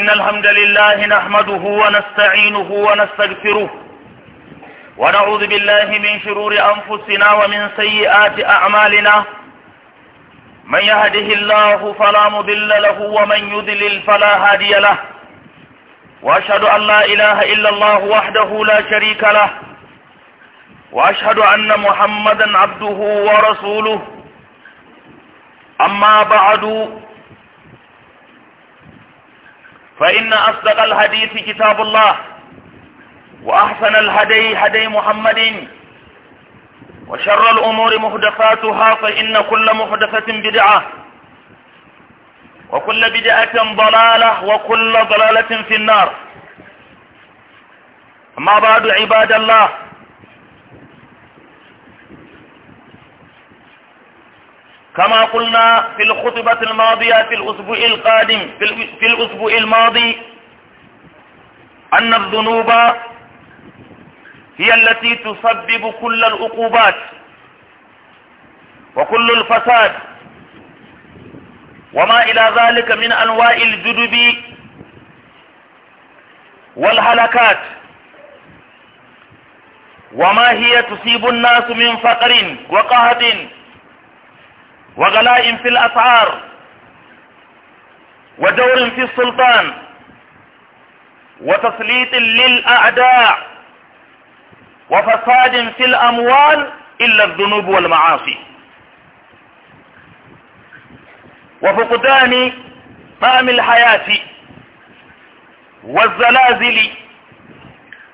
إن الحمد لله نحمده ونستعينه ونستغفره ونعوذ بالله من شرور أنفسنا ومن سيئات أعمالنا من يهده الله فلا مضل له ومن يذلل فلا هادي له وأشهد أن لا إله إلا الله وحده لا شريك له وأشهد أن محمدا عبده ورسوله أما بعد فإن أصدق الحديث كتاب الله وأحسن الهدي هدي محمد وشر الأمور محدثاتها فإن كل محدثة بدعة وكل بدعة ضلالة وكل ضلالة في النار أما بعد عباد الله كما قلنا في الخطبة الماضية في الأسبوع القادم في الأسبوع الماضي أن الذنوب هي التي تسبب كل العقوبات وكل الفساد وما إلى ذلك من أنواع الجدب والهلكات وما هي تصيب الناس من فقر وقهد وغلاء في الأسعار ودور في السلطان وتسليط للأعداء وفساد في الأموال إلا الذنوب والمعاصي وفقدان طعم الحياة والزلازل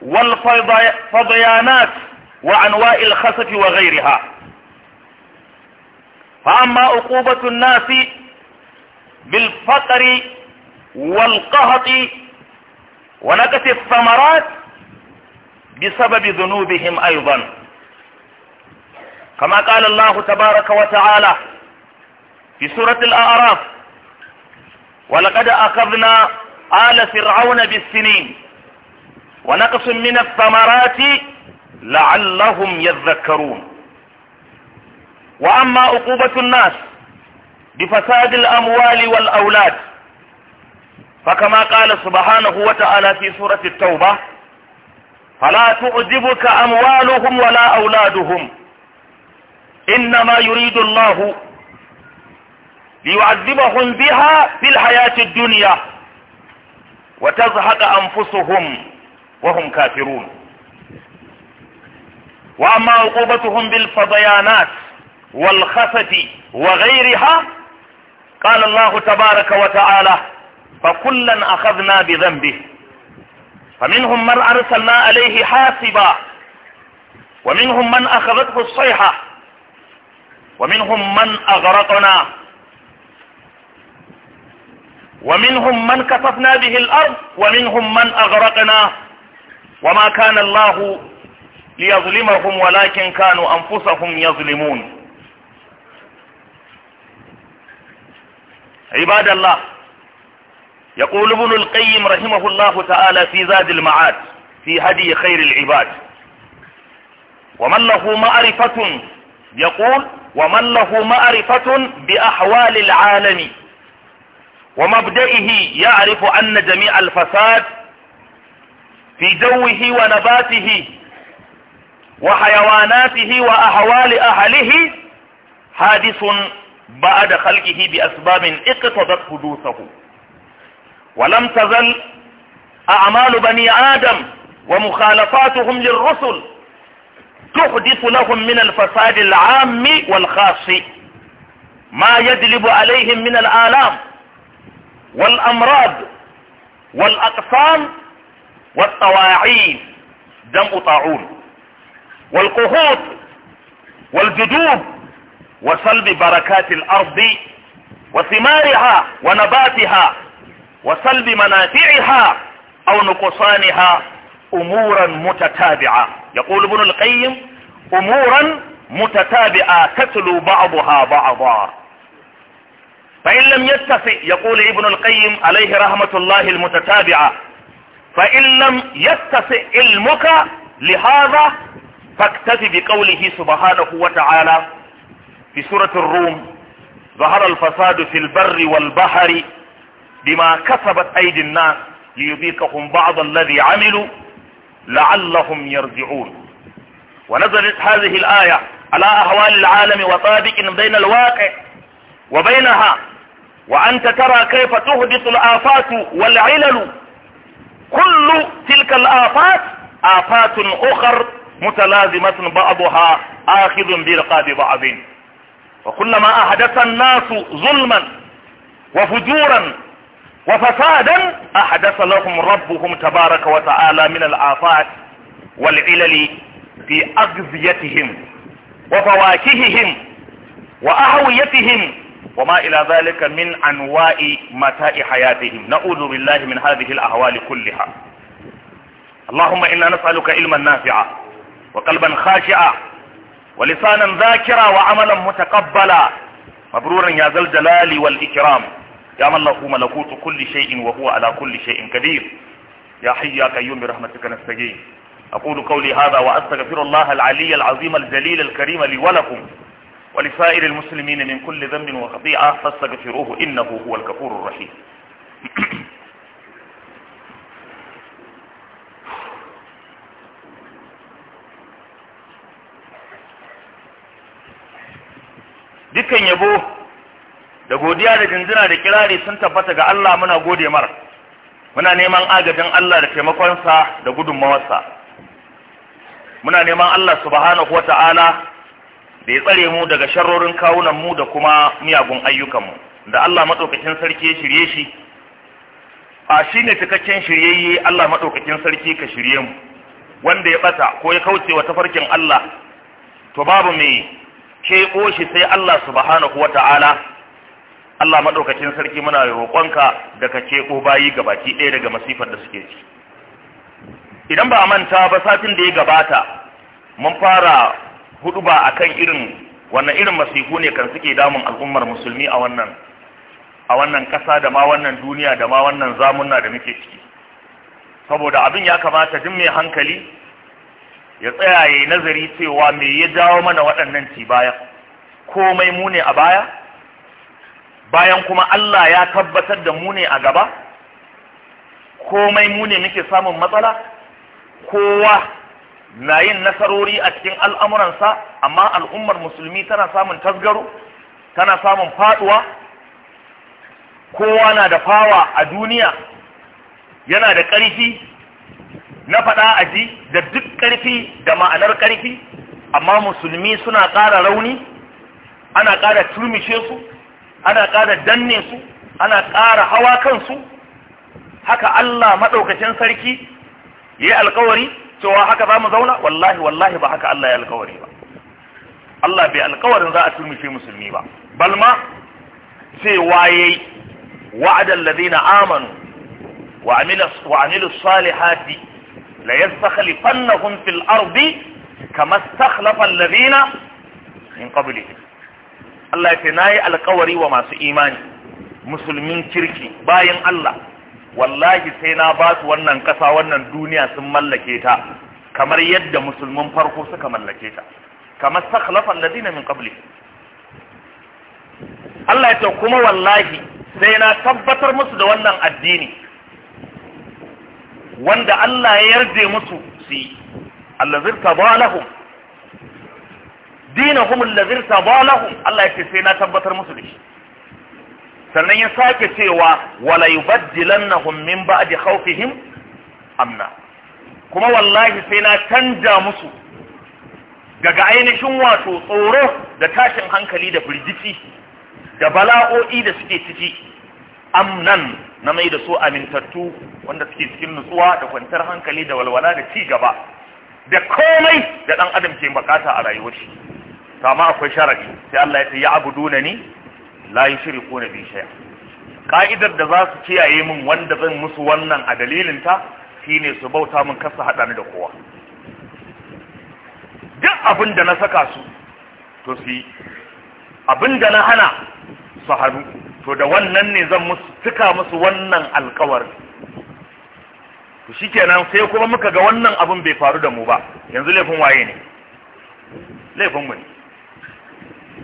والفضيانات وأنواع الخسف وغيرها فأما عقوبة الناس بالفقر والقهط ونقص الثمرات بسبب ذنوبهم أيضا كما قال الله تبارك وتعالى في سورة الأعراف ولقد أخذنا آل فرعون بالسنين ونقص من الثمرات لعلهم يذكرون وأما عقوبة الناس بفساد الأموال والأولاد فكما قال سبحانه وتعالى في سورة التوبة فلا تعجبك أموالهم ولا أولادهم إنما يريد الله ليعذبهم بها في الحياة الدنيا وتزهق أنفسهم وهم كافرون وأما عقوبتهم بالفضيانات والخفت وغيرها قال الله تبارك وتعالى فكلا أخذنا بذنبه فمنهم من أرسلنا عليه حاسبا ومنهم من أخذته الصيحة ومنهم من أغرقنا ومنهم من كففنا به الأرض ومنهم من أغرقنا وما كان الله ليظلمهم ولكن كانوا أنفسهم يظلمون عباد الله يقول ابن القيم رحمه الله تعالى في زاد المعاد في هدي خير العباد ومن له معرفة يقول ومن له معرفة بأحوال العالم ومبدئه يعرف أن جميع الفساد في جوه ونباته وحيواناته وأحوال أهله حادث بعد خلقه بأسباب اقتضت حدوثه ولم تزل أعمال بني آدم ومخالفاتهم للرسل تحدث لهم من الفساد العام والخاص ما يجلب عليهم من الآلام والأمراض والأقسام والطواعين دم طاعون والقهوط والجدوب وصلب بركات الأرض وثمارها ونباتها وسلب منافعها أو نقصانها أمورا متتابعة يقول ابن القيم أمورا متتابعة تتلو بعضها بعضا فإن لم يتفق يقول ابن القيم عليه رحمة الله المتتابعة فإن لم يتفق علمك لهذا فاكتفي بقوله سبحانه وتعالى في سورة الروم ظهر الفساد في البر والبحر بما كسبت أيدي الناس ليذيقهم بعض الذي عملوا لعلهم يرجعون ونزلت هذه الآية على أهوال العالم وطابق بين الواقع وبينها وأنت ترى كيف تهبط الآفات والعلل كل تلك الآفات آفات أخر متلازمة بعضها آخذ برقاب بعض وكلما أحدث الناس ظلما وفجورا وفسادا أحدث لهم ربهم تبارك وتعالى من الآفات والعلل في أغذيتهم وفواكههم وأهويتهم وما إلى ذلك من أنواع متاع حياتهم نعوذ بالله من هذه الأهوال كلها اللهم إنا نسألك علما نافعا وقلبا خاشعا ولسانا ذاكرا وعملا متقبلا مبرورا يا ذا الجلال والإكرام يا من له ملكوت كل شيء وهو على كل شيء قدير يا حي يا قيوم برحمتك نستجيب أقول قولي هذا وأستغفر الله العلي العظيم الجليل الكريم لي ولكم ولسائر المسلمين من كل ذنب وخطيئة فاستغفروه إنه هو الغفور الرحيم yabo da godiya da jinjina da kirari sun tabbata ga Allah muna gode mar muna neman agajin Allah da taimakonsa da gudunmawarsa muna neman Allah subhanahu wata'ala da ya tsare mu daga sharrorin kawunan mu da kuma miyagun ayyukanmu da Allah madaukakin sarki ya shirye shi a shine cikakken shiryayye Allah matsokakin sarki ka shirye mu wanda ya bata ko ya kauce wa tafarkin Allah to babu mai keɓo shi sai Allah subhanahu wata'ala Allah maɗaukacin sarki muna roƙonka daga ka keɓo bayi gabaki ɗaya daga masifar da suke ci idan ba a manta ba satin da ya gabata mun fara hudu ba akan irin wannan irin masifu ne kan suke damun al'ummar musulmi a wannan a wannan ƙasa da ma wannan duniya da ma wannan zamunna da muke ciki saboda abin ya kamata duk mai hankali ya tsaya yi nazari cewa me ya jawo mana waɗannan ci baya komai mu ne a baya bayan kuma Allah ya tabbatar da mu ne a gaba komai mu ne muke samun matsala kowa na yin nasarori a cikin al'amuransa amma al'ummar musulmi tana samun tasgaro tana samun faduwa kowa na da fawa a duniya yana da ƙarfi na faɗa a ji da duk ƙarfi da ma'anar ƙarfi amma musulmi suna ƙara rauni ana ƙara turmishe su ana ƙara danne su ana ƙara hawa kansu haka Allah maɗaukacin sarki ya yi alkawari cewa haka za mu zauna wallahi wallahi ba haka Allah ya alkawari ba Allah bai alkawarin za a turmishe musulmi ba balma cewa ya yi ladina amanu wa amilu salihati la yastakhlifannahum fil ardi kama stakhlafa alladhina min qablihim Allah ya ce nayi alƙawari wa masu imani musulmin kirki bayan Allah wallahi sai na ba su wannan ƙasa wannan duniya sun mallake ta kamar yadda musulmin farko suka mallake ta kamar sakhlafa alladina min qabli Allah ya ce kuma wallahi sai na tabbatar musu da wannan addini wanda Allah ya yarje musu su yi allazir tabalahum dinahum allazir tabalahum Allah ya ce sai na tabbatar musu da shi sannan ya sake cewa wala yubaddilannahum min ba'di khawfihim amna kuma wallahi sai na canja musu daga ainihin wato tsoro da tashin hankali da firgici da bala'o'i da suke ciki amnan na mai da su amintattu wanda suke cikin nutsuwa da kwantar hankali da walwala da ci gaba da komai da dan adam ke bukata a rayuwar shi amma akwai sharadi sai Allah ya ce ya abuduna ni la yushriku na bi shay'a ka'idar da za su kiyaye min wanda zan musu wannan a dalilin ta shine su bauta min kasa hada ni da kowa duk abin da na saka su to su yi abin da na hana su hannu to da wannan ne zan musu cika musu wannan alkawari to shikenan sai kuma muka ga wannan abin bai faru da mu ba yanzu laifin waye ne laifin mu ne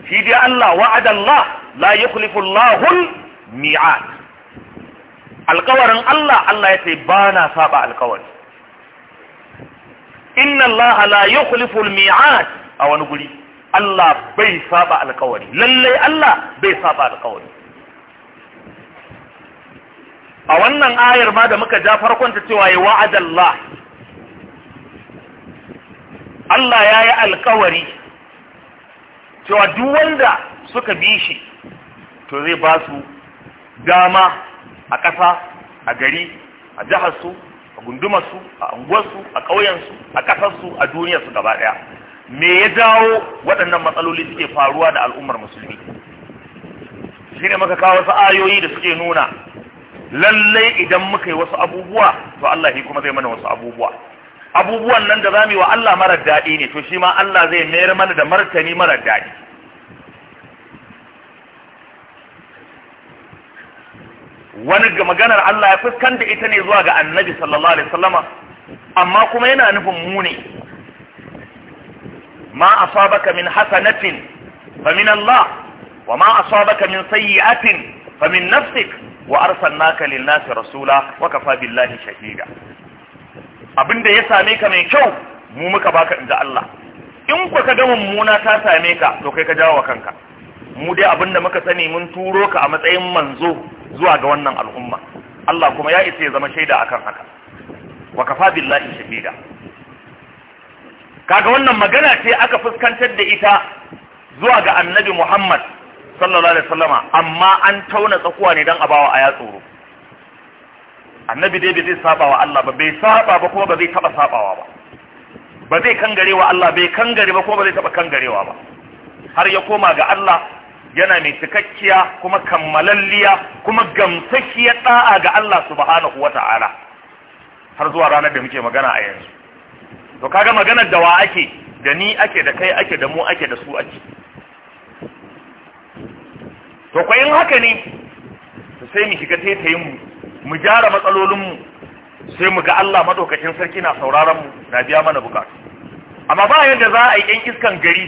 shi dai Allah wa'ada Allah la yukhlifu Allahu mi'ad alƙawarin Allah Allah ya ce ba na saba alƙawari inna Allah la yukhlifu al-mi'ad a wani guri Allah bai saba alƙawari lalle Allah bai saba alƙawari a wannan ayar ma da muka ja farkon ta cewa ya wa'adallah Allah ya yi alkawari cewa duk wanda suka bi shi to zai ba su dama a ƙasa a gari a jiharsu a gundumarsu a unguwarsu a ƙauyensu a ƙasarsu a duniyarsu gaba ɗaya me ya jawo waɗannan matsaloli suke faruwa da al'ummar musulmi shi ne maka kawo wasu ayoyi da suke nuna lallai idan muka yi wasu abubuwa to Allah shi kuma zai mana wasu abubuwa abubuwan nan da zamu yi wa Allah mara daɗi ne to shi ma Allah zai mayar mana da martani marar daɗi wani ga maganar Allah ya fuskanta ita ne zuwa ga annabi sallallahu alaihi wasallama amma kuma yana nufin mu ne ma asabaka min hasanatin fa min Allah wa ma asabaka min sayyi'atin fa min nafsik wa arsalnaka lin-nasi rasula wa kafa billahi shahida abinda ya same ka mai kyau mu muka baka inda Allah in ku ka ga mummuna ta same ka to kai ka jawo kanka mu dai abinda muka sani mun turo ka a matsayin manzo zuwa ga wannan al'umma Allah kuma ya isa ya zama shaida akan haka wa kafa billahi shahida kaga wannan magana ce aka fuskantar da ita zuwa ga annabi Muhammad sallallahu alaihi wasallama amma an tauna tsakuwa ne dan a bawa aya tsoro annabi dai bai saba wa Allah ba bai saba ba kuma ba zai taba sabawa ba ba zai kangarewa Allah bai kangare ba kuma ba zai taba kangarewa ba har ya koma ga Allah yana mai cikakkiya kuma kammalalliya kuma gamsakkiya da'a ga Allah subhanahu wata'ala har zuwa ranar da muke magana a yanzu to kaga maganar da wa ake da ni ake da kai ake da mu ake da su ake to in haka ne sai mu shiga taitayin mu mu gyara matsalolin mu sai mu ga Allah madaukakin sarki na sauraron mu na biya mana bukatu amma ba yadda za a yi yan iskan gari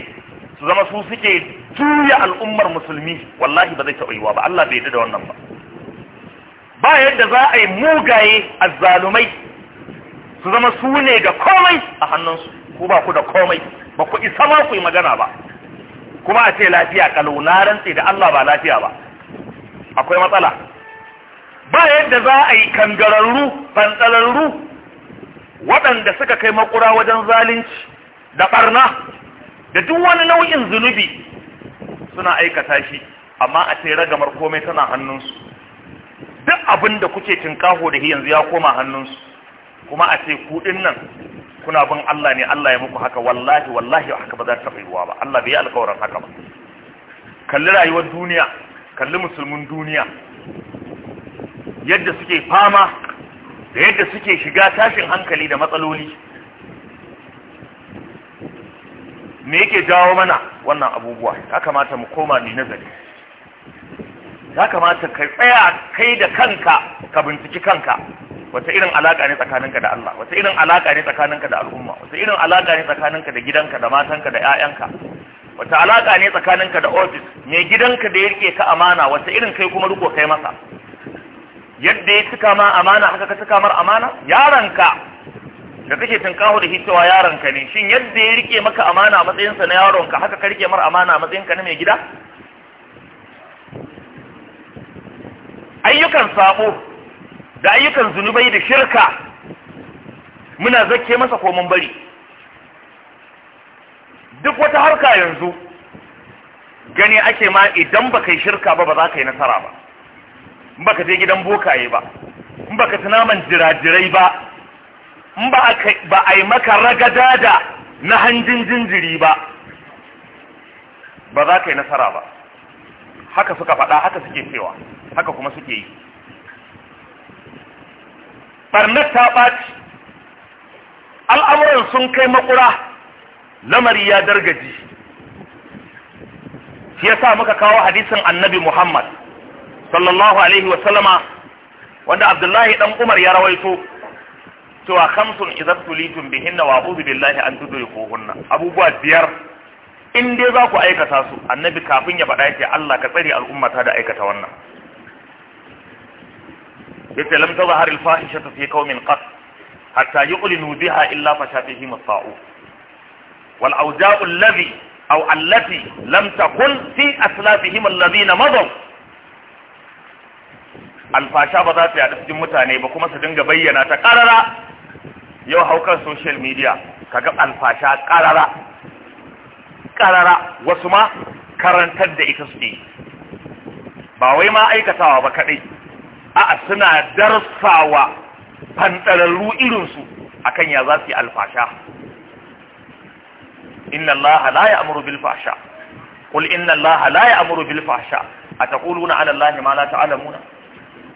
su zama su suke juya al'ummar musulmi wallahi ba zai taɓa yiwa ba Allah bai da wannan ba ba yadda za a yi mugaye azzalumai su zama su ne ga komai a hannunsu ku ba ku da komai ba ku isa ma ku yi magana ba kuma a ce lafiya kalau na rantse da Allah ba lafiya ba akwai matsala ba yadda za a yi kangararru fantsararru waɗanda suka kai makura wajen zalunci da ɓarna, da duk wani nau'in zunubi suna aikata shi amma a ce ragamar komai tana hannunsu duk abin da kuke tinkaho da yanzu ya koma hannunsu kuma a ce kuɗin nan kuna bin Allah ne Allah ya muku haka wallahi wallahi haka ba za ta taɓa yiwuwa ba Allah bai yi alƙawarin haka ba kalli rayuwar duniya kalli musulmin duniya yadda suke fama da yadda suke shiga tashin hankali da matsaloli me yake jawo mana wannan abubuwa ya kamata mu koma mai nazari ya kamata ka tsaya kai da kanka ka binciki kanka wata irin alaka ne tsakaninka da Allah wata irin alaka ne tsakaninka da al'umma wata irin alaka ne tsakaninka da gidanka da matanka da ƴaƴanka wata alaka ne tsakaninka da office mai gidanka da yake ka amana wata irin kai kuma riko kai masa yadda ya cika ma amana haka ka cika mar amana yaranka da kake tunkaho da hitowa yaranka ne shin yadda ya rike maka amana a matsayinsa na yaronka haka ka rike mar amana a matsayinka na mai gida ayyukan sabo da ayyukan zunubai da shirka muna zake masa ko mun bari duk wata harka yanzu gani ake ma idan baka yi shirka ba ba za ka yi nasara ba in baka je gidan bokaye ba in baka naman jirajirai ba in ba a yi maka ragada da na hanjin jinjiri ba ba za ka yi nasara ba haka suka faɗa haka suke cewa haka kuma suke yi barnar ta ɓaci al'amuran sun kai makura lamari ya dargaji shi ya sa muka kawo hadisin annabi muhammad sallallahu alaihi wasallama wanda abdullahi ɗan umar ya rawaito cewa kamsun izar tulitun na wa a'udhu billahi an kohunna abubuwa biyar in dai za ku aikata su annabi kafin ya faɗa yake Allah ka tsare al'ummata da aikata wannan yace lam tazhar al fahishatu fi qaumin qat hatta yu'linu biha illa fashatihim sau wal awja'u alladhi aw allati lam takun fi aslafihim alladhina madaw alfasha ba za ta yada cikin mutane ba kuma su dinga bayyana ta ƙarara. yau haukan social media kaga alfasha ƙarara, ƙarara wasu ma karantar da ita su ba wai ma aikatawa ba kaɗai. a'a suna darsawa fantararru irinsu a kan ya za su yi alfasha inna Allah la ya'muru bil fasha. qul inna Allah la ya'muru bil fasha. A 'ala Allah ma la ta'alamuna.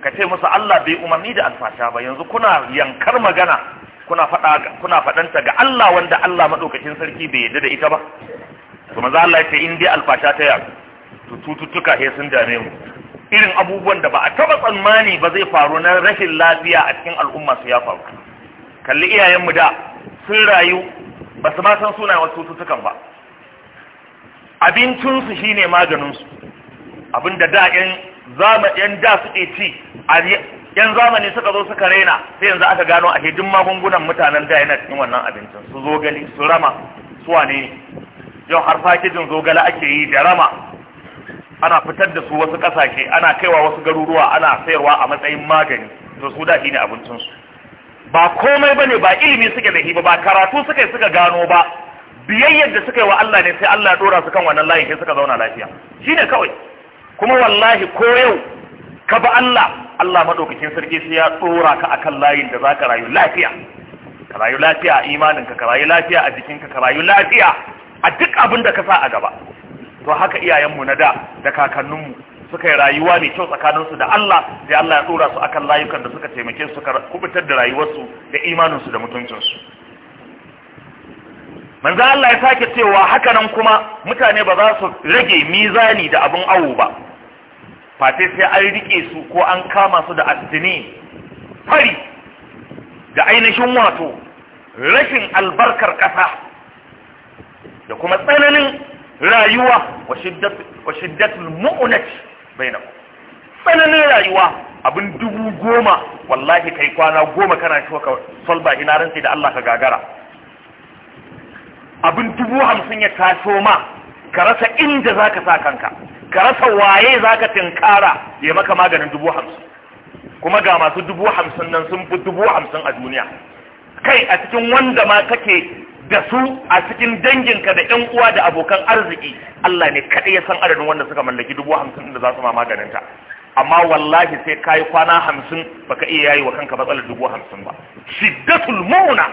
ka ce musu Allah bai umarni da alfasha ba yanzu kuna yankar magana kuna faɗa kuna faɗanta ga Allah wanda Allah madaukakin sarki bai yadda da ita ba to manzo Allah ya ce in dai alfasha ta yaku to tututtuka he sun dame mu irin abubuwan da ba a taba tsammani ba zai faru na rashin lafiya a cikin al'umma su ya faru kalli iyayenmu da sun rayu ba su ma san suna wasu cututtukan ba abincinsu shine maganinsu Abinda da yan da suke ci yan zamani suka zo suka raina sai yanzu aka gano a hidin magungunan mutanen da yana cikin wannan abincin su zogale su rama su wane yau har fakijin zogale ake yi da rama ana fitar da su wasu kasashe ana kaiwa wasu garuruwa ana sayarwa a matsayin magani to su da shine abincin su ba komai bane ba ilimi suke da hiba ba karatu suka suka gano ba biyayyar da suka yi wa Allah ne sai Allah ya dora su kan wannan layin sai suka zauna lafiya shine kawai kuma wallahi ko yau ka ba Allah Allah madaukakin sarki sai ya dora ka akan layin da zaka rayu lafiya ka rayu lafiya a imaninka ka rayu lafiya a jikinka ka rayu lafiya a duk abin da ka sa a gaba to haka iyayenmu na da da kakanninmu suka yi rayuwa mai kyau tsakaninsu da Allah sai Allah ya dora su akan layukan da suka taimake su suka kubutar da rayuwarsu da imaninsu da mutuncinsu manzo Allah ya sake cewa haka nan kuma mutane ba za su rage mizani da abun awo ba fate sai an rike su ko an kama su da addini fari da ainihin wato rashin albarkar ƙasa da kuma tsananin rayuwa wa shiddatul mu'unat bainaku tsananin rayuwa abin dubu goma wallahi kai kwana goma kana shi ka solba ina rantsi da Allah ka gagara abin dubu hamsin ya taso ma ka rasa inda zaka sa kanka ka rasa waye zaka tinkara ya maka maganin dubu hamsin kuma ga masu dubu hamsin nan sun fi dubu hamsin a duniya kai a cikin wanda ma kake da su a cikin danginka da ƴan uwa da abokan arziki Allah ne kaɗai ya san adadin wanda suka mallaki dubu hamsin da za su ma maganinta amma wallahi sai ka yi kwana hamsin baka iya yayi wa kanka matsalar dubu hamsin ba shiddatul muna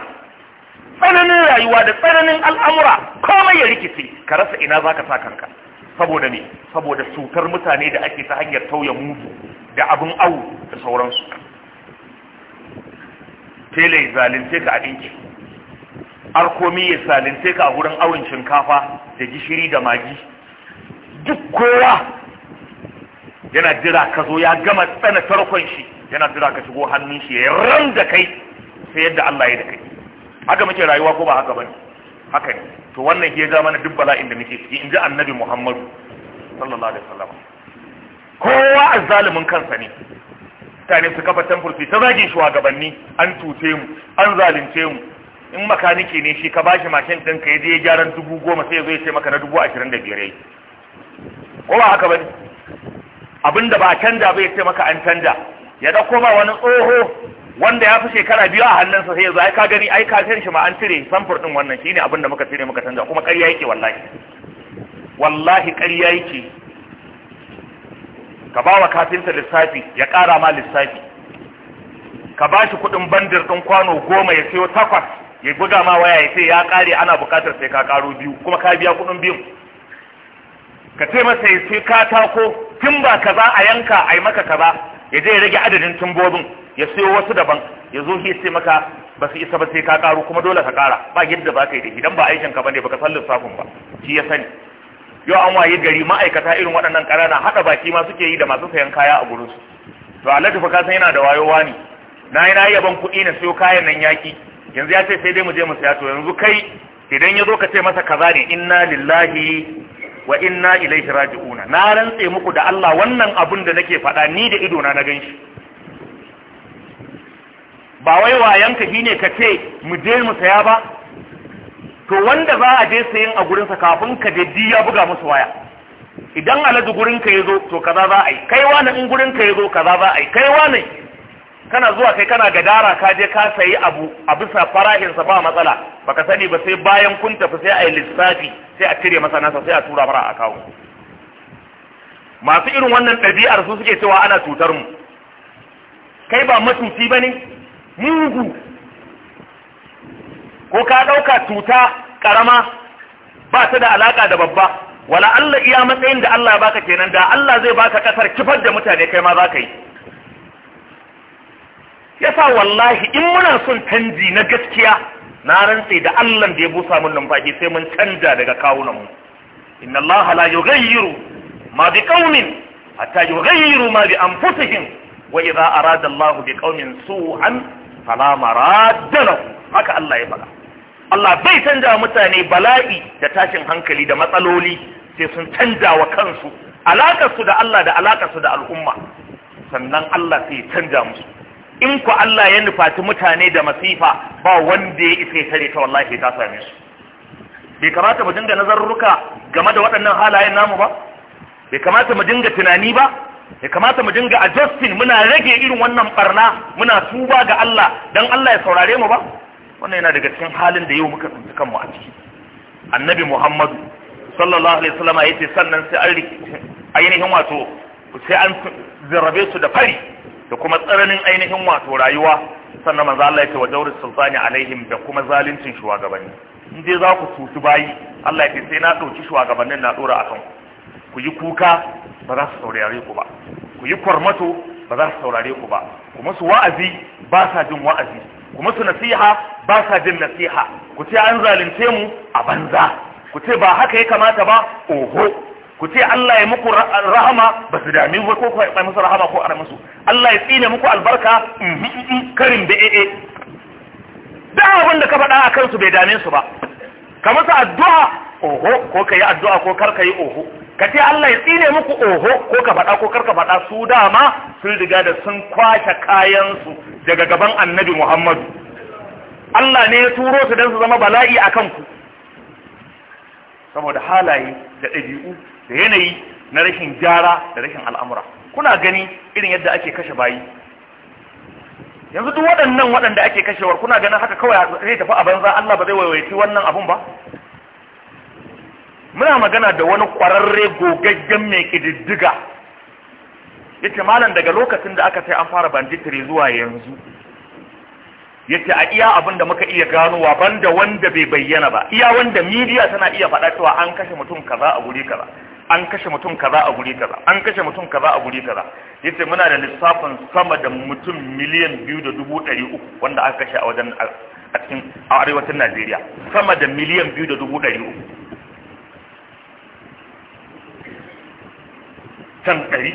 tsananin rayuwa da tsananin al'amura komai ya rikice. ka rasa ina za ka sa kanka saboda me saboda cutar mutane da ake ta hanyar tauya mutu da abin awu da sauransu tele zalunce ka abinci har komi ya salinte ka a gurin awon shinkafa da gishiri da magi duk kowa yana jira ka zo ya gama tsana tarkon shi yana jira ka shigo hannun shi ya ran da kai sai yadda Allah ya da kai haka muke rayuwa ko ba haka bane haka ne to wannan ke ga mana duk bala'in da muke ciki in ji annabi Muhammadu sallallahu alaihi wasallam kowa azzalimin kansa ne mutane su kafa tamfurfi ta zagin shugabanni an tute mu an zalunce mu in makaniki ne shi ka bashi mashin din ka je gyaran dubu goma sai zo ya ce maka na dubu ashirin da biyar yayi ko ba haka bane abinda da ba canja bai ce maka an canja ya dauko ba wani tsoho wanda ya fi shekara biyu a hannunsa sai ya zo ai ka gani ai ka san shi ma an cire samfur ɗin wannan shine abin da muka cire muka canja kuma ƙarya yake wallahi wallahi ƙarya yake ka ba wa kafinta lissafi ya ƙara ma lissafi ka ba shi kuɗin bandir ɗin kwano goma ya siyo takwas ya buga ma waya ya ce ya kare ana bukatar sai ka karo biyu kuma ka biya kudin biyun ka ce masa ya ce katako tun ba za a yanka a yi maka kaza ya je ya rage adadin tumbobin ya siyo wasu daban ya zo ya ce maka ba su isa ba sai ka karo kuma dole ka kara ba yadda ba ka yi da idan ba aikin ka bane baka san lissafin ba shi ya sani yau an waye gari ma'aikata irin waɗannan ƙarana haɗa baki ma suke yi da masu sayan kaya a gurin su to alhaji fa ka san yana da wayowa ne na yi na yaban kuɗi na siyo kayan nan yaƙi yanzu ya ce sai dai mu je mu saya to yanzu kai idan ya zo ka ce masa kaza ne inna lillahi wa inna ilaihi raji'una na rantse muku da Allah wannan abun da nake faɗa ni da ido na na ganshi ba wai wayanka shine ka ce mu je mu saya ba to wanda za a je sayin a gurinsa kafin ka daddi ya buga musu waya idan alaji gurinka ya zo to kaza za a yi kai wani in gurinka ya zo kaza za a yi kai wani kana zuwa kai kana gadara ka je ka sayi abu a bisa farahinsa ba matsala baka sani ba sai bayan kun tafi sai a yi lissafi sai a cire masa nasa sai a tura mara a kawo masu irin wannan ɗabi'ar su suke cewa ana cutar mu kai ba matuci ba ne mugu ko ka ɗauka cuta ƙarama ba ta da alaƙa da babba wala Allah iya matsayin da Allah ya baka kenan da Allah zai baka ƙasar kifar da mutane kai ma zaka yi yasa wallahi in muna son canji na gaskiya na rantse da Allah da ya busa mun numfashi sai mun canja daga kawunan mu inna Allah la yughayyiru ma bi qaumin hatta yughayyiru ma bi anfusihim wa idza arada Allah bi qaumin su'an fala maradda lahu haka Allah ya faɗa Allah bai canja mutane bala'i da tashin hankali da matsaloli sai sun canja wa kansu alakarsu da Allah da alakarsu da al'umma sannan Allah sai canja musu in ku Allah ya nufaci mutane da masifa ba wanda ya isa ya ta wallahi ta same su bai kamata mu dinga nazarruka game da waɗannan halayen namu ba bai kamata mu dinga tunani ba bai kamata mu dinga adjusting muna rage irin wannan barna muna tuba ga Allah dan Allah ya saurare mu ba wannan yana daga cikin halin da yau muka tsinci kanmu a ciki annabi Muhammad sallallahu alaihi wasallam yace sannan sai an ainihin wato sai an zirrabe su da fari da kuma tsananin ainihin wato rayuwa sannan manzo Allah ya ce wa dawrul sultani alaihim da kuma zaluncin shugabanni in dai za ku tutu bayi Allah ya ce sai na dauki shugabannin na dora akan ku yi kuka ba za su saurare ku ba ku yi kwarmato ba za su saurare ku ba ku musu wa'azi ba sa jin wa'azi ku musu nasiha ba sa jin nasiha ku ce an zalunce mu a banza ku ce ba haka ya kamata ba oho ku ce Allah ya muku rahama ba su dami ba ko ku haifai musu rahama ko ara masu Allah ya tsine muku albarka mhm, mhm, mhm, karin da ee da abin da ka faɗa a kansu bai dame su ba ka masa addu'a oho ko ka yi addu'a ko kar ka yi oho ka ce Allah ya tsine muku oho ko ka faɗa ko kar ka faɗa su dama sun riga da sun kwace kayansu daga gaban annabi Muhammadu Allah ne ya turo su dan su zama bala'i a kanku saboda halaye da ɗabi'u da yanayi na rashin gyara da rashin al'amura kuna gani irin yadda ake kashe bayi yanzu duk waɗannan waɗanda ake kashewar kuna ganin haka kawai zai tafi a banza Allah ba zai waiwaiti wannan abun ba muna magana da wani kwararre gogaggen mai ƙididdiga yace malam daga lokacin da aka sai an fara banditiri zuwa yanzu yace a iya abin da muka iya gano ganowa banda wanda bai bayyana ba iya wanda midiya tana iya faɗa cewa an kashe mutum kaza a guri kaza an kashe mutum kaza a guri kaza an kashe mutum kaza a guri kaza yace muna da lissafin sama da mutum miliyan biyu da dubu ɗari uku wanda aka kashe a wajen a cikin a arewacin Najeriya sama da miliyan biyu da dubu ɗari uku can ɗari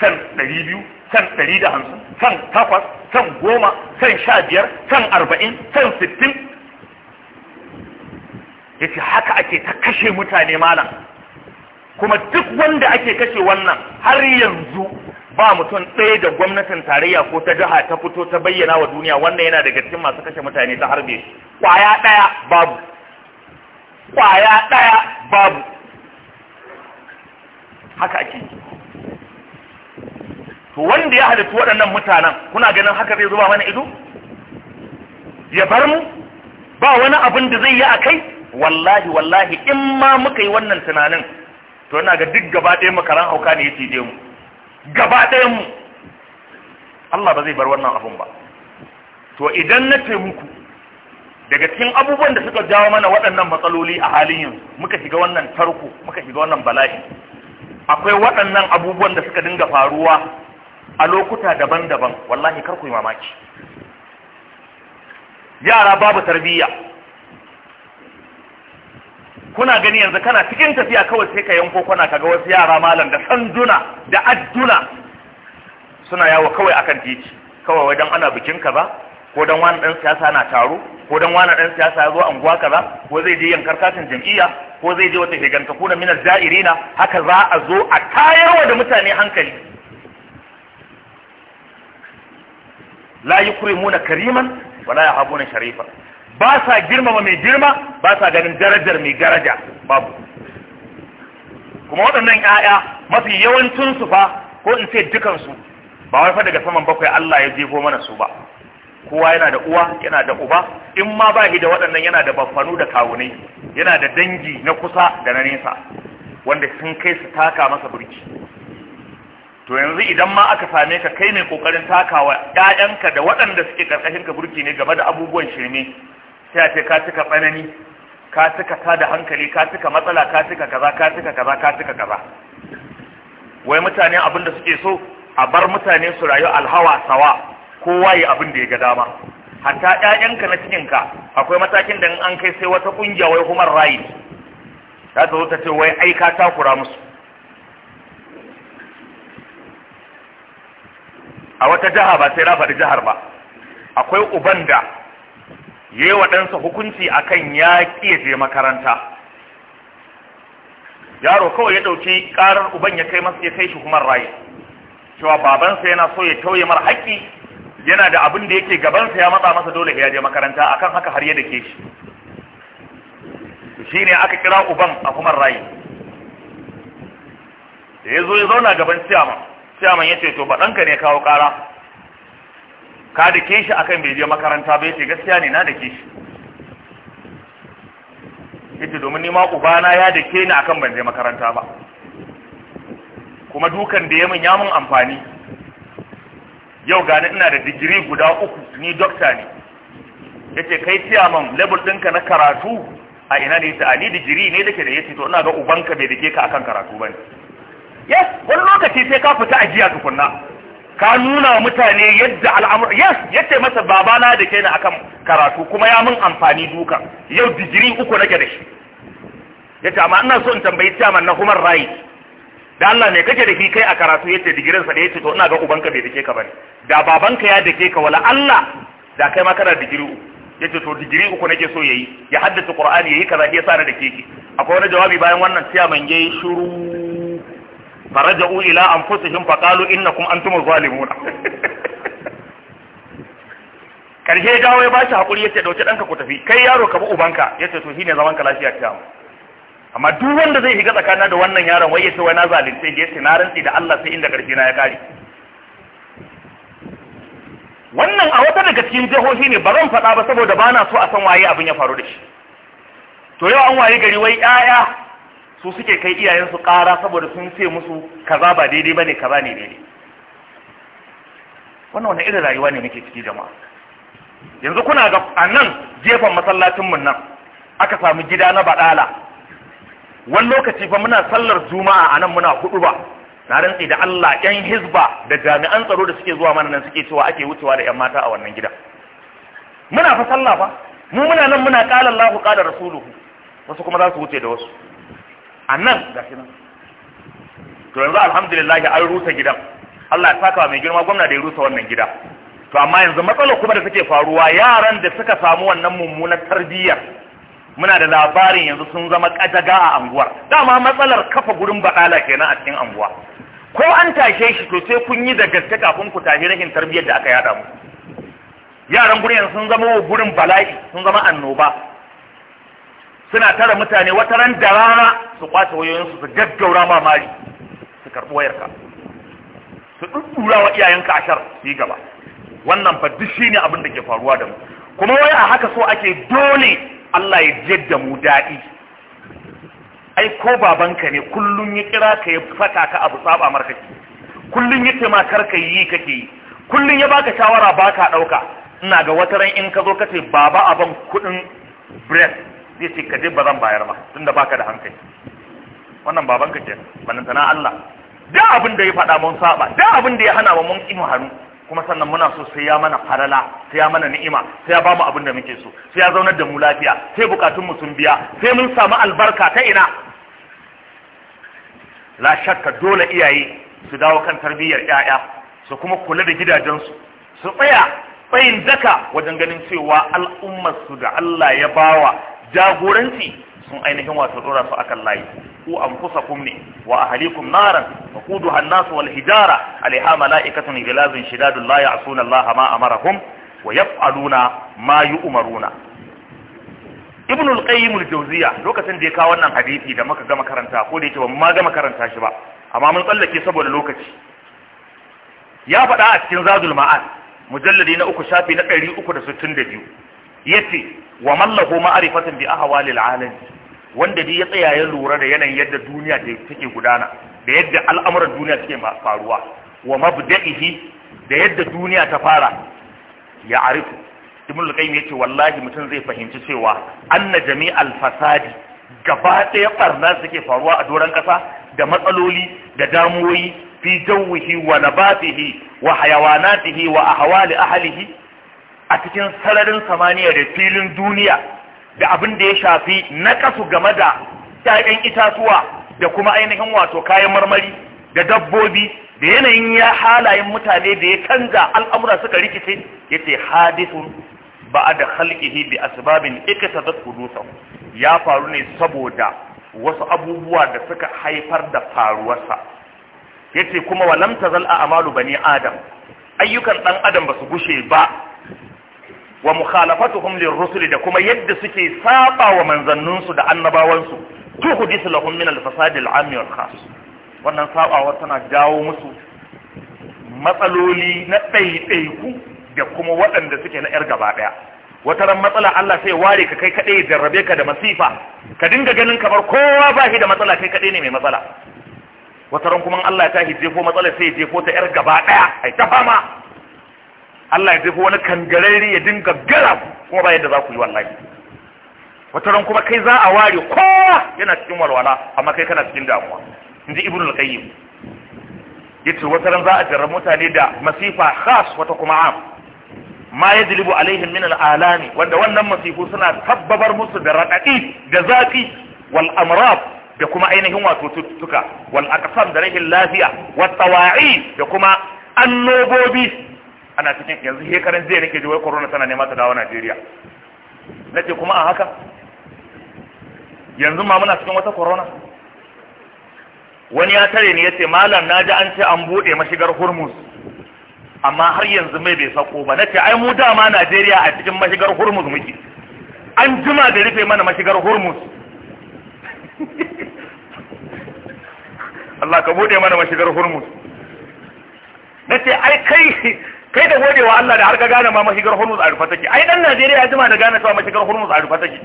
can ɗari biyu can ɗari da hamsin can takwas can goma can sha biyar can arba'in can sittin yace haka ake ta kashe mutane malam kuma duk wanda ake kashe wannan har yanzu ba mutum ɗaya da gwamnatin tarayya ko ta jiha ta fito ta bayyana wa duniya wannan yana daga cikin masu kashe mutane ta harbe shi kwaya ɗaya babu kwaya ɗaya babu haka ake to wanda ya halittu waɗannan mutanen kuna ganin haka zai zuba mana ido ya bar mu ba wani abin da zai yi a kai wallahi wallahi in ma muka yi wannan tunanin to ina ga duk gaba ɗaya makaran hauka ne ya cije mu gaba ɗaya mu Allah ba zai bar wannan abun ba to idan na ce muku daga cikin abubuwan da suka jawo mana waɗannan matsaloli a halin yanzu muka shiga wannan tarko muka shiga wannan bala'i akwai waɗannan abubuwan da suka dinga faruwa a lokuta daban-daban wallahi kar ku yi mamaki yara babu tarbiyya kuna gani yanzu kana cikin tafiya kawai sai ka yanko kwana kaga wasu yara malam da sanduna da adduna suna yawo kawai akan titi kawai wajen ana bikin kaza ko dan wani dan siyasa na taro ko dan wani dan siyasa ya zo anguwa kaza ko zai je yankar katin jam'iyya ko zai je wata higanta kuna minal da'irina haka za a zo a tayarwa da mutane hankali la yukrimuna kariman wala yahabuna sharifa ba sa girmama mai girma ba sa ganin darajar mai daraja babu kuma waɗannan 'ya'ya mafi yawancin su fa ko in ce dukansu? su ba wai fa daga saman bakwai Allah ya jefo mana su ba kowa yana da uwa yana da uba in ma ba da waɗannan yana da baffanu da kawunai yana da dangi na kusa da na nesa wanda sun kai su taka masa burki to yanzu idan ma aka same ka kai ne kokarin takawa ƴaƴanka da waɗanda suke karkashin ka burki ne game da abubuwan shirme sai a ce ka cika tsanani ka cika ta da hankali ka cika matsala ka cika kaza ka cika kaza ka cika kaza wai mutane abin da suke so a bar mutane su rayu alhawa sawa kowa yi abin da ya ga dama hatta ƴaƴanka na cikinka akwai matakin da in an kai sai wata kungiya wai human rights ta ta zo ta ce wai ai ka takura musu a wata jiha ba sai na faɗi jihar ba akwai uban da yi wa ɗansa hukunci akan ya ƙi je makaranta yaro kawai ya ɗauki ƙarar uban ya kai masu ya kai shi kuma rayu cewa babansa yana so ya tauye mara haƙƙi yana da abin da yake gabansa ya matsa masa dole ya je makaranta akan haka har ya ke shi shi ne aka kira uban a kuma rayu da ya zo ya zauna gaban ciyaman ciyaman ya ce to ba ɗanka ne kawo ƙara ka da ke shi akan bai je makaranta ba yace gaskiya ne na da ke shi yace domin ni ma ubana ya da ke ni akan ban je makaranta ba kuma dukan da ya min ya min amfani yau gani ina da digiri guda uku ni dokta ne yace kai tiyaman level ɗinka na karatu a ina ne ta ni digiri ne dake da yace to ina ga ubanka bai dake ka akan karatu bane yes wani lokaci sai ka fita ajiya tukunna ka nuna mutane yadda al'amur yes yace masa babana da ke ni akan karatu kuma ya mun amfani duka yau digiri uku nake da shi yace amma ina so in tambayi chairman na human rights da Allah ne kake da shi kai a karatu yace digirin sa da yace to ina ga ubanka bai dake ka bane da babanka ya dake ka wala Allah da kai ma kana digiri uku yace to digiri uku nake so yayi ya haddace Qur'ani yayi kaza yasa na dake ki akwai wani jawabi bayan wannan chairman yayi shiru faraja'u ila anfusihim faqalu innakum antumuz zalimun karje ya dawo ya ba shi haƙuri ya ce ɗanka ku tafi kai yaro ka bi ubanka yace to shine zaman ka lafiya ta amma duk wanda zai shiga tsakanin da wannan yaron wai ya ce wai na zalunce ya yace na rantsi da Allah sai inda karshe na ya kare wannan a wata daga cikin jihohi ne ba zan faɗa ba saboda ba na so a san waye abin ya faru da shi to yau an waye gari wai 'ya'ya su suke kai iyayensu ƙara saboda sun ce musu kaza ba daidai ba ne kaza ne daidai wannan wani irin rayuwa ne muke ciki jama'a yanzu kuna ga a nan gefen masallacinmu nan aka samu gida na baɗala wani lokaci fa muna sallar juma'a a nan muna hudu ba na rantsi da Allah ƴan hizba da jami'an tsaro da suke zuwa mana nan suke cewa ake wucewa da ƴan mata a wannan gida muna fa sallah fa mu muna nan muna qala Allahu qala rasuluhu wasu kuma za su wuce da wasu a nan shi nan to yanzu alhamdulillah an rusa gidan Allah ya saka mai girma gwamna da ya rusa wannan gida to amma yanzu matsalar kuma da take faruwa yaran da suka samu wannan mummunar tarbiyyar muna da labarin yanzu sun zama kadaga a anguwar dama matsalar kafa gurin baɗala kenan a cikin anguwa ko an tashe shi to sai kun yi da gaske kafin ku tashi rashin tarbiyyar da aka yada mu yaran gurin yanzu sun zama gurin bala'i sun zama annoba suna tara mutane wata ran da rana su kwace wayoyinsu su gaggaura ma mari su karɓi wayarka su ɗuɗɗura wa iyayenka shar su yi gaba wannan fa duk shine abin da ke faruwa da mu kuma wai a haka so ake dole Allah ya jiyar mu daɗi ai ko babanka ne kullum ya kira ka ya fata ka abu saba marka ki kullum ya taimakar ka yi kake yi kullum ya baka shawara baka ɗauka ina ga wataran in ka zo ka ce baba aban kuɗin bread zai ce ka je ba zan bayar ba tunda baka da hankali wannan babanka ke balantana Allah da abin da ya faɗa mun saba da abin da ya hana mun ƙi hannu kuma sannan muna so sai ya mana farala sai ya mana ni'ima sai ya bamu abin da muke so sai ya zaunar da mu lafiya sai bukatun mu sun biya sai mun samu albarka ta ina la shakka dole iyaye su dawo kan tarbiyyar ƴaƴa su kuma kula da gidajensu su tsaya tsayin daka wajen ganin cewa al'ummar su da Allah ya bawa jagoranci sun ainihin wato dora su akan layi ku anfusakum ne wa ahlikum naran waquduha an-nas wal hijara alaiha mala'ikatun ghilazun shidadun la ya'suna Allah ma amarahum wa yaf'aluna ma yu'maruna ibn al-qayyim al-jawziya lokacin da ya kawo wannan hadisi da muka gama karanta ko da yake ba ma gama karanta shi ba amma mun tsallake saboda lokaci ya faɗa a cikin zadul ma'ad mujalladi na uku shafi na 362 yace wa mallahu ma'rifatan bi ahwalil alam wanda dai ya tsaya ya lura da yanayin yadda duniya take gudana da yadda al'amuran duniya suke faruwa wa mabda'ihi da yadda duniya ta fara ya arifu ibn al-qayyim yace wallahi mutum zai fahimci cewa anna jami'al fasadi gaba ɗaya barna suke faruwa a doron ƙasa da matsaloli da damuwoyi fi jawwihi wa nabatihi wa hayawanatihi wa ahwali ahlihi a cikin sararin samaniya da filin duniya da abin da ya shafi na kasu game da 'ya'yan itatuwa da kuma ainihin wato kayan marmari da dabbobi da yanayin ya halayen mutane da ya canza al'amura suka rikice ya ce yace da da khalqihi bi asbabin da kudusan ya faru ne saboda wasu abubuwa da suka haifar da faruwarsa Ya ce kuma walam tazal a'malu bani adam ayyukan dan adam ba su gushe ba wa mukhalafatuhum rusuli da kuma yadda suke saba wa manzanninsu da annabawansu tuhdisu lahum min al-fasad al wal khas wannan sabawa tana jawo musu matsaloli na ɗaiɗaiku da kuma waɗanda suke na 'yar gaba ɗaya wata ran matsala Allah sai ware ka kai kaɗai jarrabe ka da masifa ka dinga ganin kamar kowa ba shi da matsala kai kaɗai ne mai matsala wata ran kuma Allah ta hijjefo matsala sai jefo ta 'yar gaba ɗaya ai ta fama Allah ya tafi wani kangararri ya dinga gara ku kuma ba yadda za ku yi wallahi wata kuma kai za a ware kowa yana cikin walwala amma kai kana cikin damuwa inji ibnul qayyim yace wata za a jarra mutane da masifa khas wata kuma am ma yajlibu alaihim min al'alami wanda wannan masifu suna tabbabar musu da radadi da zafi wal amrad da kuma ainihin wato tuttuka wal aqsam da rahin lafiya wat tawa'i da kuma annobobi ana cikin yanzu shekaran zai nake ji wai corona tana nema ta dawo Najeriya ce kuma a haka yanzu ma muna cikin wata corona wani ya tare ni yace malam naji an ce an bude mashigar Hormuz amma har yanzu mai bai sako ba ce ai mu dama Najeriya a cikin mashigar Hormuz muke an jima da rufe mana mashigar Hormuz Allah ka bude mana mashigar Hormuz nace ai kai kai da wa Allah da har ka gane ma mashigar Hormuz a rufe take ai dan Najeriya ya jima da gane cewa mashigar Hormuz a rufe take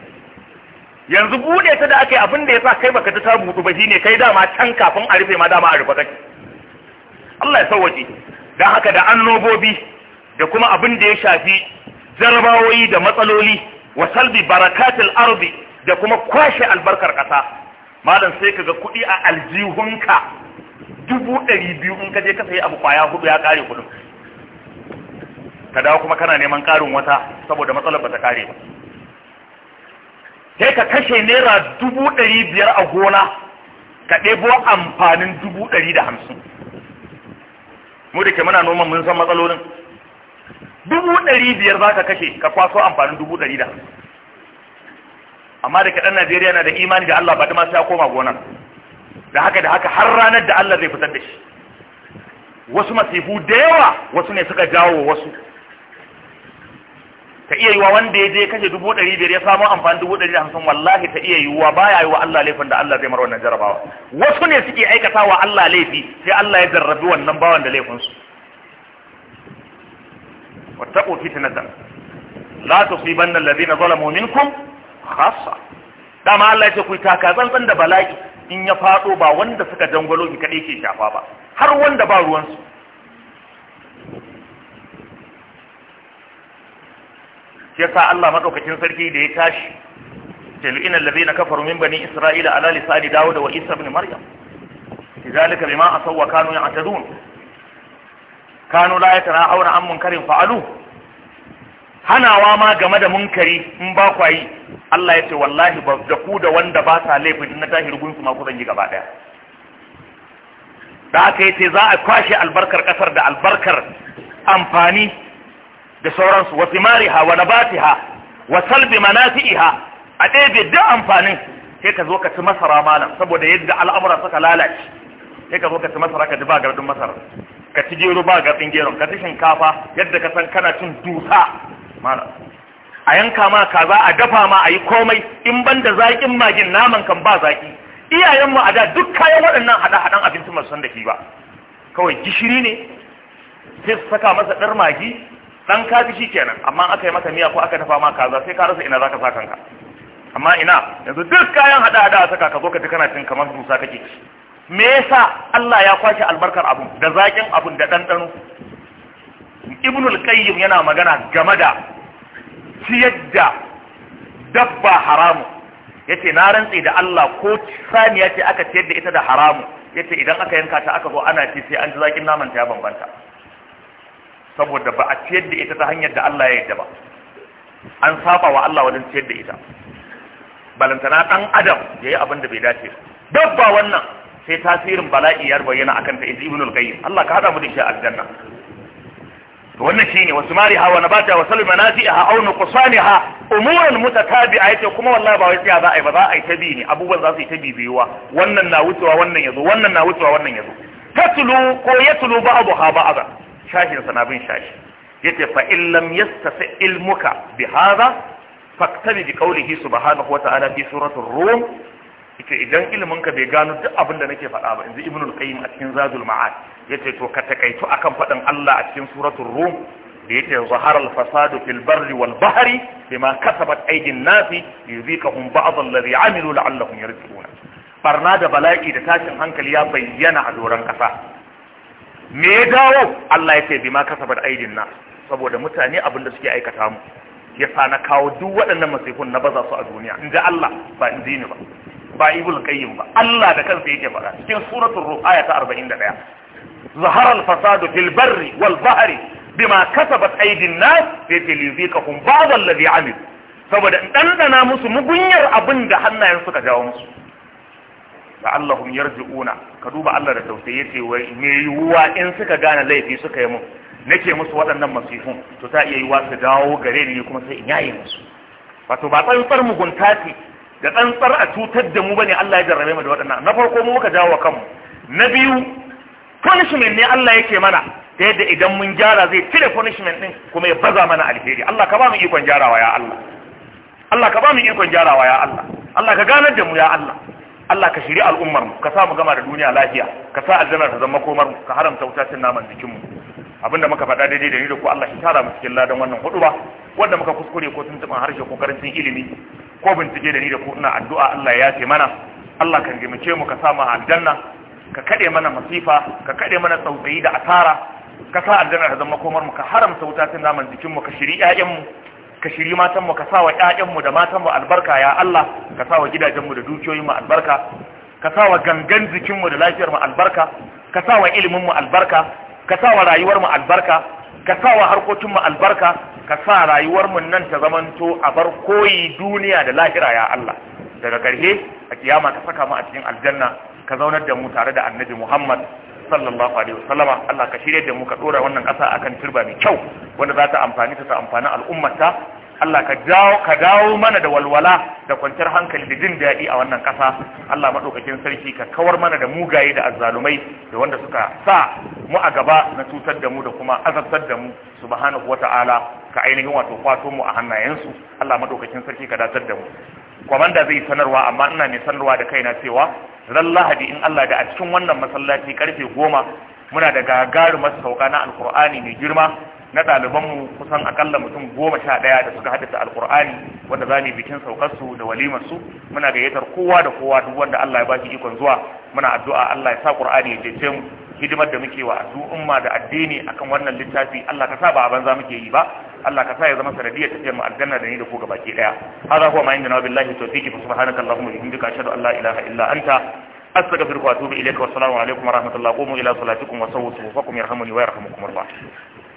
yanzu bude ta da ake abin da ya sa kai baka ta ta butu ba shine kai dama can kafin a rufe ma dama a rufe take Allah ya sauwaje dan haka da annobobi da kuma abin da ya shafi jarabawoyi da matsaloli wa salbi barakatil ardi da kuma kwashe albarkar kasa malam sai kaga kuɗi a aljihunka dubu ɗari biyu in ka je ka sayi abu kwaya hudu ya kare kuɗin ka dawo kuma kana neman karin wata saboda matsalar bata kare ba sai ka kashe naira dubu ɗari biyar a gona ka ɗebo amfanin dubu ɗari da hamsin mu da ke muna noman mun san matsalolin dubu ɗari biyar za ka kashe ka kwaso amfanin dubu ɗari da hamsin amma da kaɗan najeriya na da imani da allah ba ta masu ya koma gonar da haka da haka har ranar da allah zai fitar da shi wasu masifu da yawa wasu ne suka jawo wasu ta iya yiwa wanda ya je kashe dubu ɗari biyar ya samu amfani dubu ɗari da hamsin wallahi ta iya yiwa baya wa Allah laifin da Allah zai mara wannan jarabawa wasu ne suke aikata wa Allah laifi sai Allah ya jarrabi wannan bawan da laifinsu wattaqu fitnatan la tusibanna alladhina zalamu minkum khassa dama Allah ya ce ku taka tsantsan da bala'i in ya fado ba wanda suka jangwalo ki kadai ke shafa ba har wanda ba ruwansu Ya sa Allah maɗaukacin sarki da ya tashi tilina allazina kafaru min bani isra'ila ala lisani dawud wa isa ibn maryam lidhalika bima asaw wa kanu ya'tadun kanu la yatana'una an munkarin fa'alu hanawa ma game da munkari in ba yi. Allah ya ce wallahi ba da ku da wanda ba sa laifin na tahir gunsu ma ku zan yi gaba ɗaya. da aka yi ce za a kwashe albarkar ƙasar da albarkar amfani da sauransu wa simariha wa nabatiha wa salbi manafi'iha a ɗebe duk amfanin sai ka zo ka ci masara malam saboda yadda al'amura suka lalace sai ka zo ka ci masara ka ji ba gardin masara ka ci gero ba gardin gero, ka ci shinkafa yadda ka san kana cin dusa malam a yanka ma kaza a dafa ma a yi komai in ban da zaƙin magin naman kan ba zaƙi iyayenmu a da duk kayan waɗannan hada-hadan abinci masu san da shi ba kawai gishiri ne sai su saka masa ɗar magi dan kaji shi kenan amma aka yi maka miya ko aka tafa ma kaza sai ka rasa ina zaka sa kanka amma ina yanzu duk kayan hada hada saka ka zo ka ji kana cin kamar dusa kake me yasa Allah ya kwashe albarkar abun da zakin abun da ɗanɗano? ibnul qayyim yana magana game da ciyadda dabba haramu yace na rantsi da Allah ko saniya ce aka ciyar da ita da haramu yace idan aka yanka ta aka zo ana ci sai an ji zakin naman ta ya bambanta saboda ba a ciyar da ita ta hanyar da Allah ya yi ba an saba wa Allah wajen ciyar da ita balantana ɗan adam ya yi abin da bai dace dabba wannan sai tasirin bala'i ya bayyana akan ta inji ibnul qayyim Allah ka hada mu da shi aljanna wannan shine wasu mari hawa na bata wa salma naziha aw nuqsaniha umuran mutatabi'a yace kuma wallahi ba wai tsaya za a yi ba za a yi tabi ne abubuwan za su yi tabi biyuwa wannan na wucewa wannan yazo wannan na wucewa wannan yazo tatlu ko yatlu ba'daha ba'da Shashinsa sa na bin shashi yace fa in lam yastasi ilmuka bi hadha faktabi bi qawlihi subhanahu wa ta'ala fi suratul rum yace idan ilimin ka bai gano duk abin da nake faɗa ba inji ibnul qayyim a cikin zadul ma'ad yace to ka takaitu akan faɗin Allah a cikin suratul rum da yake zaharar fasadu fil barri wal bahari bima kasabat aydin nasi yuzikahum ba'd alladhi amilu la'allahum yarji'un barna da bala'i da tashin hankali ya bayyana a doran kasa me ya dawo Allah ya ce bi ma kasabar aidin na. saboda mutane abin da suke aikata mu ya sa na kawo duk waɗannan masifun na baza su a duniya in ji Allah ba in ji ni ba ba ibul qayyim ba Allah da kansa yake faɗa cikin suratul ruh aya ta 41 zahara al-fasadu fil barri wal bahri bima kasabat aidin nas fi tilizikahum ba'd alladhi amil saboda in dandana musu mugunyar abin da hannayen suka jawo musu la'allahum yarji'una ka duba Allah da tausayi yace wai me yiwuwa in suka gane laifi suka yi mun nake musu waɗannan masifun to ta iya yiwa su dawo gare ni kuma sai in yaye musu wato ba tsantsar mugunta ce da tsantsar a cutar da mu bane Allah ya jarrabe mu da waɗannan na farko mu muka jawo kanmu na biyu punishment ne Allah yake mana ta yadda idan mun gyara zai cire punishment din kuma ya baza mana alheri Allah ka ba mu ikon gyarawa ya Allah Allah ka ba mu ikon gyarawa ya Allah Allah ka ganar da mu ya Allah Allah ka shiri al'ummar mu ka sa mu gama da duniya lafiya ka sa aljanna ta zama komar mu ka haramta wuta naman jikin mu abinda muka faɗa daidai da ni da ku Allah shi tara mu cikin ladan wannan hudu ba wanda muka kuskure ko tuntuban harshe ko karancin ilimi ko bincike da ni da ku ina addu'a Allah ya ce mana Allah ka rigimace mu ka sa mu aljanna ka kade mana masifa ka kade mana tsautsayi da asara ka sa aljanna ta zama komar mu ka haramta wuta naman jikin mu ka shiri ƴaƴan mu ka shiri matanmu ka sawa ƴaƴanmu da matanmu albarka ya Allah ka sawa gidajenmu da dukiyoyinmu albarka ka sawa gangan jikinmu da lafiyar mu albarka ka sawa iliminmu albarka ka sawa rayuwarmu albarka ka sawa harkokinmu albarka ka sa rayuwarmu nan ta zamanto a bar koyi duniya da lahira ya Allah daga ƙarshe a kiyama ka saka mu a cikin aljanna ka zaunar da mu tare da annabi Muhammad sallallahu alaihi wasallama Allah ka shirye da mu ka dora wannan kasa akan turba mai kyau wanda za ta amfani ta ta amfani al'ummata. Allah ka dawo ka dawo mana da walwala da kwanciyar hankali da jin daɗi a wannan ƙasa Allah maɗaukakin sarki ka kawar mana da mugaye da azzalumai da wanda suka sa mu a gaba na cutar da mu da kuma azabtar da mu subhanahu wata'ala ka ainihin wato kwato mu a hannayensu Allah maɗaukakin sarki ka datar da mu kwamanda zai sanarwa amma ina mai sanarwa da kaina cewa Zan lahadi in Allah da a cikin wannan masallaci karfe goma muna da gagarumar sauka na alkur'ani mai girma na ɗalibanmu kusan akalla mutum goma sha ɗaya da suka haddasa alkur'ani wanda za mu bikin saukarsu da walimarsu muna gayyatar kowa da kowa duk wanda Allah ya ba ikon zuwa muna addu'a Allah ya sa ƙur'ani ya cece mu hidimar da muke wa al'umma da addini akan wannan littafi Allah ka sa ba a banza muke yi ba Allah ka sa ya zama sanadiyar tafiyar mu aljanna da ni da ku gabaki daya hada huwa ma indana billahi tawfiqi fa subhanaka allahumma wa bihamdika ashhadu an la ilaha illa anta astaghfiruka wa atubu ilayka wa assalamu alaikum wa rahmatullahi wa barakatuh ila salatikum wa sawwu sufufakum yarhamuni wa yarhamukum allah